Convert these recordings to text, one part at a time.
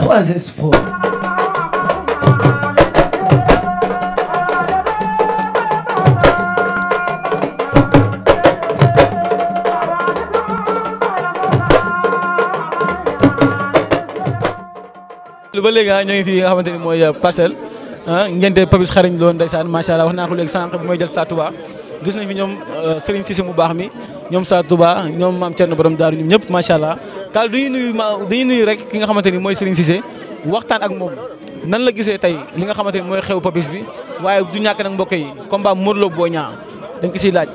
trois espoirs. ba léegi ah ñoo ngi fi nga xamante ni mooy euh, parcelle ah ngente Papis xariñ loon ndeysaan macha allah wax naa ko léegi sànq bi mooy jël saa Touba gis nañ fi ñoom euh, Serigne Cissé mu baax mi ñoom saa Touba ñoom maam na borom daaru ñoom ñëpp macha allah daal dañuy nuyu ma dañuy nuyu rek ki nga xamante ni mooy Serigne Cissé waxtaan ak moom nan la gisee tey li nga xamante ni mooy xew papis bi waaye du ñàkk nag mbokk yi combat Modou Lo Boy Niang dañ ko siy laaj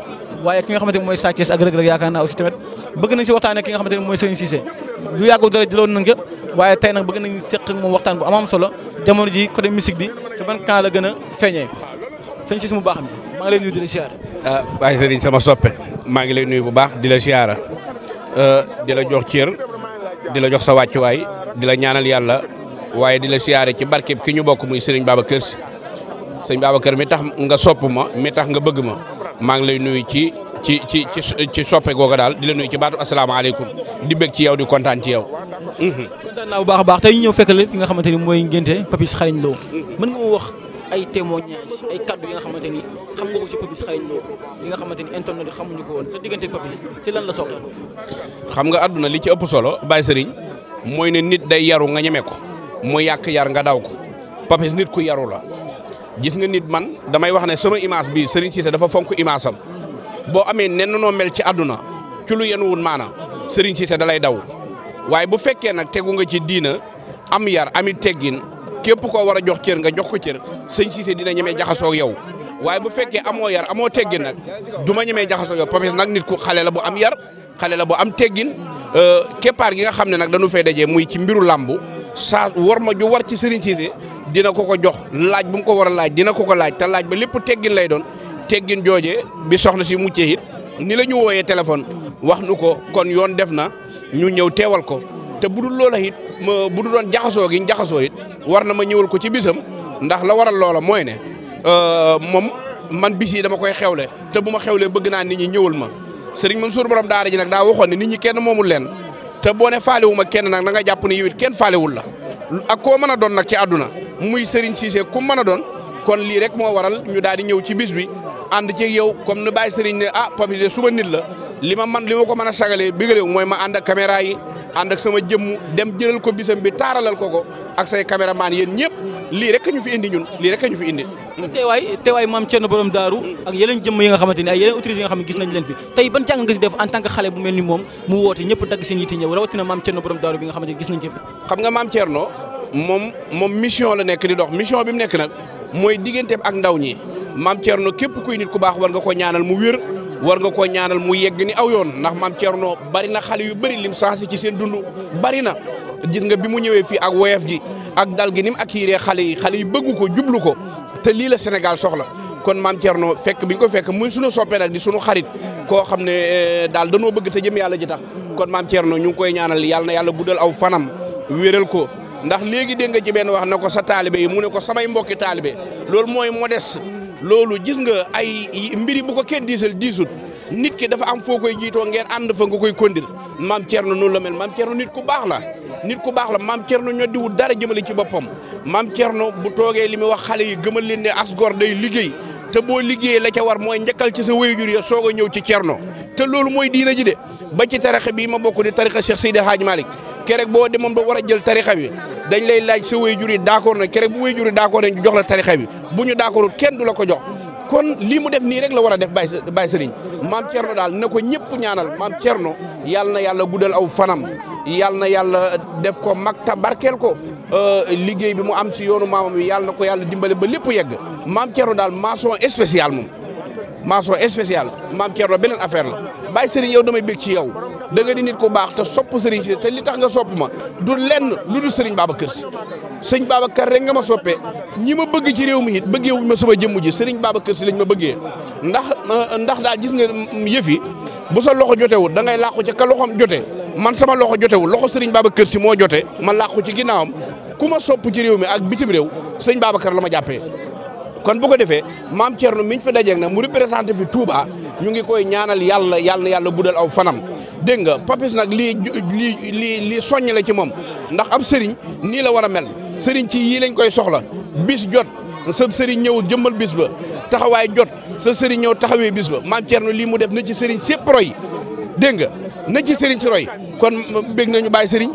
waaye ki nga xamante ni mooy Sa Thiès ak Reug Reug yaakaar naa aussi tamit bëgg nañ si waxtaan ak ki nga xamante ni mooy Serigne Cissé lu yàggu dara jëloon nañ ko waaye tey nag bëgg nañ seq ak moom waxtaan bu am am solo jamono ji côté musique bi sa ban camp la gën a feeñee sëñ Cissé mu baax mi maa ngi di la siyaara. ah Baye sama soppe maa ngi lay nuyu bu baax di la siyaara di la jox cër di la jox sa wàccuwaay di la ñaanal yàlla waaye di la siyaare ci barkeb ki ñu bokk muy sëriñ Babacar Si sëriñ kër mi tax nga sopp ma mi tax nga bëgg ma maa ngi lay nuyu ci ci ci ci soppe googa daal di la nuy ci baatu asalaamaaleykum di bëgg ci yow di kontaan ci yow. kontaan naa bu baax a baax tey ñu ñëw fekk la fi nga xamante ni mooy ngénte Papis Xarañ Lo mën nga wax. ay témoignage ay kaddu yi nga xamante ni xam nga ko si Papis Xaragne Lô li nga xamante ni internet yi xamuñu ko woon sa diggante Papis si lan la soxla. xam nga àdduna li ci ëpp solo Baye Serigne mooy ne nit day yaru nga ñeme ko mu yàq yar nga daw ko Papis nit ku yaru la gis nga nit man damay wax ne sama image bii Serigne Cissé dafa fonk image am boo amee nen noo mel ci àdduna ci lu yenuwul maanaam Serigne Cissé da lay daw waaye bu fekkee nag tegu nga ci diina am képp koo war a jox cër nga jox ko cër sëñ Cissé dina ñemee jaxasoo ak yow waaye bu fekkee amoo yar amoo teggin nag du ma ñemee jaxasoo yow Papis nag nit ku xale la bu am yar xale la bu am teggin euh, keppaar gi nga xam ne nag dañu fay dajee muy ci mbiru làmb saa war ma ju war ci sëriñ Cissé dina ko ko jox laaj bu mu ko war a laaj dina ko ko laaj ta laaj ba lépp teggin lay doon teggin jooje bi soxna si muccee it ni la ñu wooyee téléphone wax nu ko kon yoon def na ñu ñëw teewal ko te bu dul loola it ma bu dul doon jaxasoo gi jaxasoo it war na ma ñëwul ko ci bisam ndax la waral loola mooy ne euh, moom man bis yi dama koy xewle te bu ma xewlee bëgg naa nit ñi ñëwul ma sëriñ man Mansour borom daara ji nag daa waxoon ne nit ñi kenn moomul leen te boo ne faalewu kenn nag da nga jàpp ne yow kenn faalewul la ak koo mën a doon nag ci àdduna muy sëriñ Cissé ku mën a doon kon lii rek moo waral ñu daal di ñëw ci bis bi ànd ci yow comme nu bàyyi sëriñ ne ah Papis nit la li ma man li ko mën a sagalee bigalew mooy ma ànd ak caméra yi ànd ak sama jëmm dem jëlal ko bisam bi taaralal ko ko ak say caméraman yéen ñëpp lii rek ñu fi indi ñun lii rek ñu fi indi. teewaay teewaay maam Thierno borom daaru ak yeneen jëmm yi nga xamante ni ay yeneen autorités yi nga xam gis nañ leen fi tey ban jàng nga si def en tant que xale bu mel ni moom mu woote ñëpp dagg seen yitte ñëw rawatina a Thierno nga xamante ni gis maam Thierno moom moom mission la nekk di dox mission bi mu nekk nag mooy digganteem ak ndaw ñi maam Thierno képp kuy nit ku baax war nga ko ñaanal mu wér war nga koo ñaanal mu yegg ni aw yoon ndax maam Thierno bari na xale yu bëri lim sensé ci seen dund bari na gis nga bi mu ñëwee fi ak woyof ji ak dal gi ni xale yi xale yi bëgg ko jublu ko te lii la Sénégal soxla kon maam Thierno fekk bi ñu ko fekk muy sunu soppee nag di sunu xarit koo xam ne eh, daal danoo bëgg te jëm yàlla ji tax kon maam Thierno ñu ngi koy ñaanal yàlla na yàlla guddal aw fanam wéral ko ndax léegi dégg nga ci benn wax na ko sa taalibe yi mu ne ko samay mbokki taalibe loolu mooy modeste loolu gis nga ay mbiri bu ko kenn diisal diisut nit ki dafa am foo koy jiitoo ngeen ànd fa nga koy kondir maam Thierno noonu la mel maam Thierno nit ku baax la nit ku baax la maam Thierno ñoo diwul dara jëmale ci boppam maam no bu toogee li muy wax xale yi gëmal leen ne as gor day liggéey te boo liggéeyee la ca war mooy njëkkal ci sa wéyjur ya soog a ñëw ci Thierno te loolu mooy diina ji de ba ci tarixa bii ma bokk di tarixa Cheikh Seydi Hadj Malick kerek boo demoon ba war a jël tarixa bi dañ lay laaj sa wéy jur yi d'accord na kerek bu wéy jur yi d'accord nañ jox la tarixa bi ñu d'accordul kenn du la ko jox kon lii mu def nii rek la war a def Baye Baye Sëriñ maam Thierno daal ne ko ñëpp ñaanal maam no yàlla na yàlla guddal aw fanam yàlla na yàlla def ko mag ta barkeel ko euh, liggéey bi mu am si yoonu maamam yi yàlla na ko yàlla dimbale ba lépp yegg maam Thierno daal mention spéciale moom mention spéciale maam Thierno beneen affaire la Baye Sëriñ damay bég ci yow da nga di nit ku baax te sopp Serigne si te li tax nga sopp ma du lenn lu dul Serigne Babacar si sëñ Babacar rek nga ma soppee ñi ma bëgg ci réew mi it bëggee wuñ ma sama jëmm ji Serigne Babacar si lañ ma bëggee ndax euh, ndax daal gis nga mm, yëf yi bu sa loxo jotewul da ngay làqu ca ka loxoom jote man sama loxo jotewul loxo sëriñ Babacar si moo jote ma làqu ci ginnaawam ku ma sopp ci réew mi ak bitim réew sëñ Babacar la ma jàppee kon bu ko defee maam Thierno mi ñu fi dajeeg na mu représenté fi Touba ñu ngi koy ñaanal yàlla yàlla na yàlla guddal aw fanam dégg nga Papis nag lii lii lii lii soññ la ci moom ndax ab sëriñ nii la war a mel sëriñ ci yii lañ koy soxla bis jot sa sëriñ ñëw jëmmal bis ba taxawaay jot sa sëriñ ñëw taxawee bis ba maam Thierno lii mu def na ci sëriñ sépp roy dégg nga na ci sëriñ si roy kon bëgg nañu bàyyi sëriñ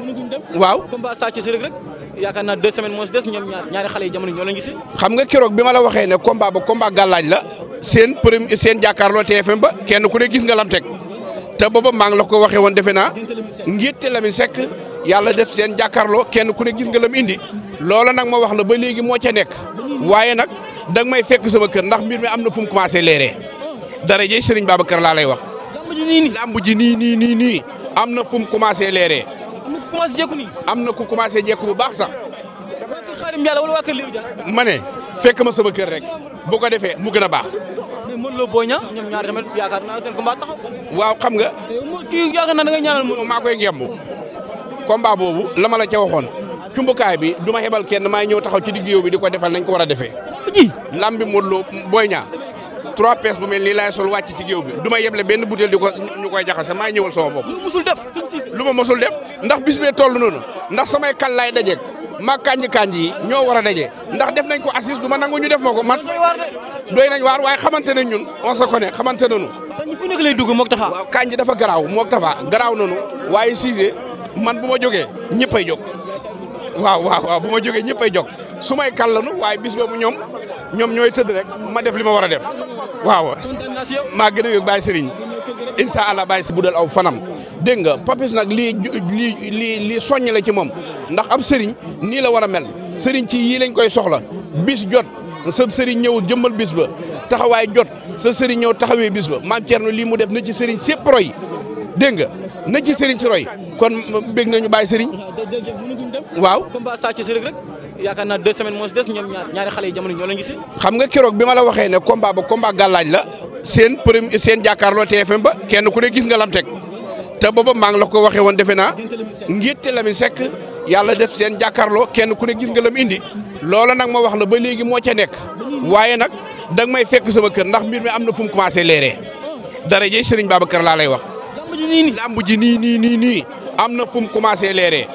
waaw combat Sa Thiès Reug Reug yaakaar naa deux moo des ñoom ñaar ñaari xale yi jamono ñoo leen gisee xam nga keroog bi ma la waxee ne combat ba combat gàllaaj la seen premier seen jàkkaarloo TFM ba kenn ku ne gis nga lam teg te booba maa ngi la ko waxee woon defe naa ngétte Lamine Seck yàlla def seen jàkkaarloo kenn ku ne gis nga lam indi loola nag ma wax la ba léegi moo ca nekk waaye nag danga may fekk sama kër ndax mbir mi am na fu mu commencé leeree dara jëy sëriñ kër laa lay wax nii nii ji nii nii nii nii am na fu mu commencé leeree. am na ku commencé jékku am na ku commencé jékku bu baax sax. waa kër Xaadim Yàlla wala waa kër ma ne fekk ma sama kër rek bu ko defee mu gën a baax. mais mën loo booy ña ñoom ñaar yaakaar naa seen combat taxaw. waaw xam nga. kii yaakaar naa da nga ñaanal moom maa koy ngemb. combat boobu lama la ca waxoon. cumbukaay bi du ma xebal kenn maa ñëw taxaw ci digg bi di ko defal nañ ko war a defee. lamb ji lamb bi Modou Lo Boy Niang trois pièces bu mel nii laay sol wàcc ci géew bi du ma yeble benn butéel di ko koy jaxase maa ñëwal sama bopp. lu ma mosul def ma mosul def ndax bis bee toll noonu ndax samay kan laay dajeeg ma kanji kanji yi ñoo war a daje ndax def nañ ko assise du ma nangu ñu def ma ko man. doy nañ waar waaye xamante nañ ñun on se connaît xamante nañu. fu nekk lay dugg moog Tafa. waaw kanji dafa garaaw moog Tafa garaaw nañu waaye Cissé man bu ma jogee jógee ñëppay jóg waaw waaw waaw bu ma jógee ñëppay jog su may kàllanu waaye bis boobu ñoom ñoo ñooy tëdd rek ma def li ma war a def waaw maa gën a yëg Baye Serigne incha allah Baye si budal aw fanam dégg nga Papis nag lii lii lii lii soññ la ci moom ndax ab Serigne nii la war a mel Serigne ci yii lañ koy soxla bis jot sa Serigne ñëw jëmmal bis ba taxawaay jot sa Serigne ñëw taxawee bis ba maam Thierno lii mu def na ci Serigne sépp roy dégg nga na ci Serigne si roy kon bég nañu Baye Serigne waaw. yaakaar naa deux moo des ñoom ñaar ñaari xale yi jamono xam nga keroog bi ma la waxee ne combat ba combat gàllaaj la seen premier seen jàkkaarloo TFM ba kenn ku ne gis nga lam teg te booba maa ngi la ko waxee woon defe naa ngétte Lamine Seck yàlla def seen jàkkaarloo kenn ku ne gis nga lam indi loola nag ma wax la ba léegi moo ca nekk waaye nag da may fekk sama kër ndax mbir mi am na fu mu commencé leeree dara jëy Serigne kër laa lay wax. lamb ji nii nii nii nii am na fu mu commencé leeree.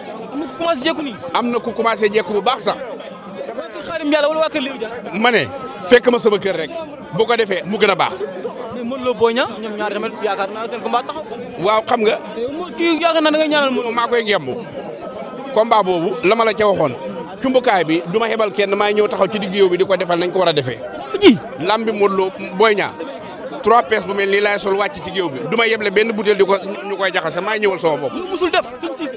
ku commencé jékku am na ku commencé jékku bu baax sax. waa kër Xaadim Diallo wala ma ne fekk ma sama kër rek bu ko defee mu gën a baax. mais Modou Lo Boy Niang ñoom ñaar tamit yaakaar naa seen combat waaw xam nga. kii yaakaar naa da nga ñaanal moom maa koy ngemb. combat boobu la ma la ca waxoon. cumbukaay bi du ma xebal kenn maay ñëw taxaw ci digg yow bi di ko defal nañ ko war a defee. lamb ji bi Modou Lo Boy Niang trois pièces bu mel nii laay sol wàcc ci géew bi du ma yeble benn butéel di ko koy jaxase maa ñëwal sama bopp. lu musul def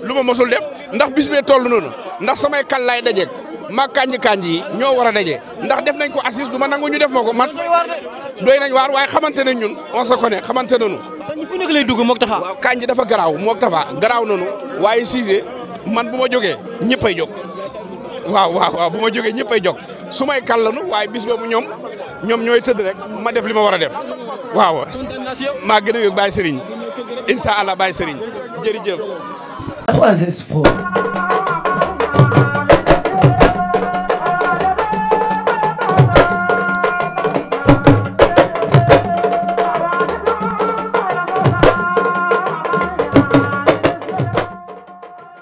lu ma musul ndax bis bee toll noonu ndax samay kal laay dajeeg ma kanji kanji yi ñoo war a daje ndax def nañ ko assise du ma nangu ñu def ma ko man. doy nañ waar waaye xamante nañ ñun on se connaît xamante nañu. fu nekk lay dugg moog tafa. waaw kanji dafa garaaw moog tafa garaaw nañu waaye Cissé man bu ma jogee jógee ñëppay jog waaw waaw waaw bu ma jógee ñëppay jog su may kal lanu waaye bis boobu ñoom ñoom ñooy tëdd rek ma def li ma war a def waaw maa gën a yëg Baye Serigne incha allah Baye Serigne jërëjëf.